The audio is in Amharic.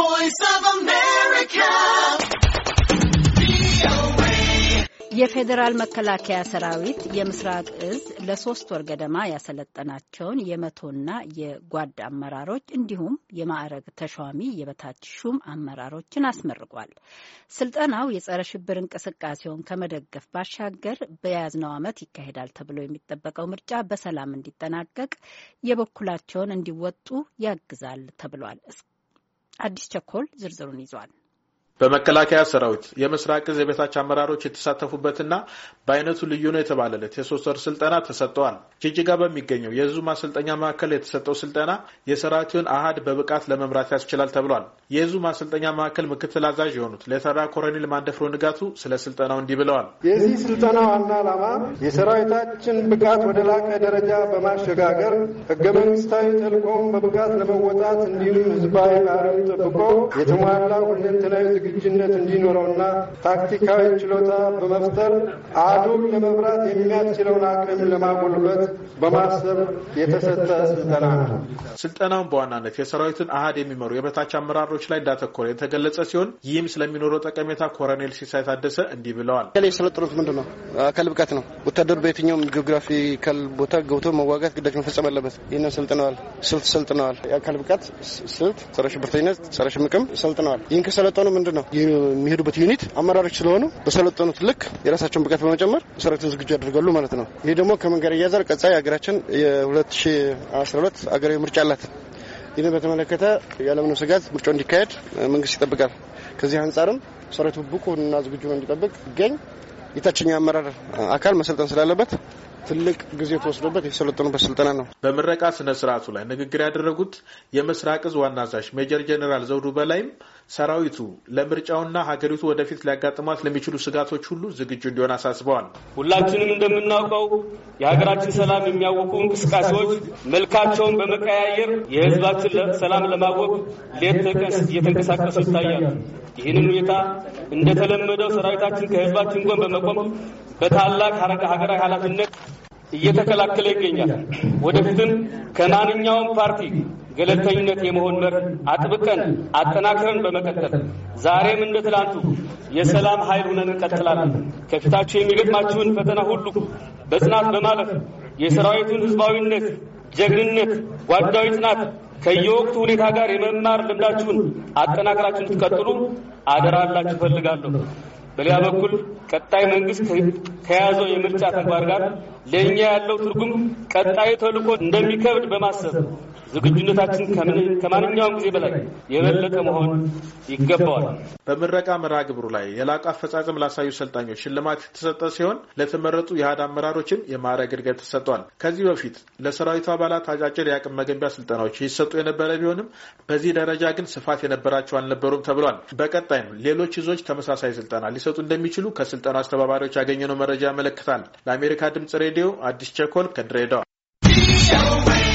voice of America. የፌዴራል መከላከያ ሰራዊት የምስራቅ እዝ ለሶስት ወር ገደማ ያሰለጠናቸውን የመቶና የጓድ አመራሮች እንዲሁም የማዕረግ ተሿሚ የበታች ሹም አመራሮችን አስመርቋል። ስልጠናው የጸረ ሽብር እንቅስቃሴውን ከመደገፍ ባሻገር በያዝነው ዓመት ይካሄዳል ተብሎ የሚጠበቀው ምርጫ በሰላም እንዲጠናቀቅ የበኩላቸውን እንዲወጡ ያግዛል ተብሏል። አዲስ ቸኮል ዝርዝሩን ይዟል። በመከላከያ ሰራዊት የምስራቅ ዕዝ የበታች አመራሮች የተሳተፉበትና በአይነቱ ልዩ ነው የተባለለት የሶስት ወር ስልጠና ተሰጠዋል። ጅጅጋ በሚገኘው የህዝቡ ማሰልጠኛ ማዕከል የተሰጠው ስልጠና የሰራዊቱን አሃድ በብቃት ለመምራት ያስችላል ተብሏል። የህዝቡ ማሰልጠኛ ማዕከል ምክትል አዛዥ የሆኑት ሌተና ኮሎኔል ማንደፍሮ ንጋቱ ስለ ስልጠናው እንዲህ ብለዋል። የዚህ ስልጠና ዋና ዓላማ የሰራዊታችን ብቃት ወደ ላቀ ደረጃ በማሸጋገር ህገ መንግስታዊ ተልዕኮውን በብቃት ለመወጣት እንዲሁም ህዝባዊ ባህሪውን ጠብቆ የተሟላ ሁለንተናዊ ዝግጁነት እንዲኖረውና ታክቲካዊ ችሎታ በመፍጠር አዶም ለመምራት የሚያስችለውን አቅም ለማጎልበት በማሰብ የተሰጠ ስልጠና ነው። ስልጠናውን በዋናነት የሰራዊትን አህድ የሚመሩ የበታች አመራሮች ላይ እንዳተኮረ የተገለጸ ሲሆን ይህም ስለሚኖረው ጠቀሜታ ኮረኔል ሲሳይ ታደሰ እንዲህ ብለዋል። የሰለጠኑት ምንድን ነው? አካል ብቃት ነው። ወታደር በየትኛውም ጂኦግራፊካል ቦታ ገብቶ መዋጋት ግዳጅ መፈጸም አለበት። ይህንን ሰልጥነዋል። ስልት ሰልጥነዋል። የአካል ብቃት ስልት፣ ጸረ ሽብርተኝነት፣ ጸረ ሽምቅም ሰልጥነዋል። ይህን ከሰለጠኑ ምንድን ነው የሚሄዱበት ዩኒት አመራሮች ስለሆኑ በሰለጠኑት ልክ የራሳቸውን ብቃት በመጨመር ሰራዊትን ዝግጁ ያደርጋሉ ማለት ነው። ይህ ደግሞ ከመንገድ እያዘር ቀጣይ ሀገራችን የ2012 አገራዊ ምርጫ አላት። ይህን በተመለከተ ያለምንም ስጋት ምርጫው እንዲካሄድ መንግስት ይጠብቃል። ከዚህ አንጻርም ሰራዊቱ ብቁና ዝግጁ ነው እንዲጠብቅ ይገኝ የታችኛው አመራር አካል መሰልጠን ስላለበት ትልቅ ጊዜ ተወስዶበት የተሰለጠኑበት ስልጠና ነው። በምረቃ ስነ ስርዓቱ ላይ ንግግር ያደረጉት የምስራቅ እዝ ዋና አዛዥ ሜጀር ጀኔራል ዘውዱ በላይም ሰራዊቱ ለምርጫውና ሀገሪቱ ወደፊት ሊያጋጥሟት ለሚችሉ ስጋቶች ሁሉ ዝግጁ እንዲሆን አሳስበዋል። ሁላችንም እንደምናውቀው የሀገራችን ሰላም የሚያውቁ እንቅስቃሴዎች መልካቸውን በመቀያየር የህዝባችን ሰላም ለማወቅ ሌት ተቀን እየተንቀሳቀሱ ይታያሉ። ይህንን ሁኔታ እንደተለመደው ሰራዊታችን ከህዝባችን ጎን በመቆም በታላቅ ሀገራዊ ኃላፊነት እየተከላከለ ይገኛል። ወደፊትም ከማንኛውም ፓርቲ ገለልተኝነት የመሆን መርህ አጥብቀን አጠናክረን በመቀጠል ዛሬም እንደ ትላንቱ የሰላም ኃይል ሆነን እንቀጥላለን። ከፊታችሁ የሚገጥማችሁን ፈተና ሁሉ በጽናት በማለፍ የሰራዊቱን ህዝባዊነት፣ ጀግንነት፣ ጓዳዊ ጽናት ከየወቅቱ ሁኔታ ጋር የመማር ልምዳችሁን አጠናክራችሁ እንድትቀጥሉ አደራላችሁ ፈልጋለሁ። በሌላ በኩል ቀጣይ መንግስት ከያዘው የምርጫ ተግባር ጋር ለእኛ ያለው ትርጉም ቀጣዩ ተልእኮ እንደሚከብድ በማሰብ ዝግጁነታችን ከማንኛውም ጊዜ በላይ የበለጠ መሆን ይገባዋል። በምረቃ መርሃ ግብሩ ላይ የላቀ አፈጻጸም ላሳዩ ሰልጣኞች ሽልማት የተሰጠ ሲሆን ለተመረጡ የህድ አመራሮችም የማዕረግ እድገት ተሰጥቷል። ከዚህ በፊት ለሰራዊቱ አባላት አጫጭር የአቅም መገንቢያ ስልጠናዎች ይሰጡ የነበረ ቢሆንም በዚህ ደረጃ ግን ስፋት የነበራቸው አልነበሩም ተብሏል። በቀጣይም ሌሎች ይዞች ተመሳሳይ ስልጠና ሊሰጡ እንደሚችሉ ከስልጠና አስተባባሪዎች ያገኘነው መረጃ ያመለክታል። ለአሜሪካ ድምጽ ሬዲዮ ሬዲዮ አዲስ ቸኮል ከድሬዳዋ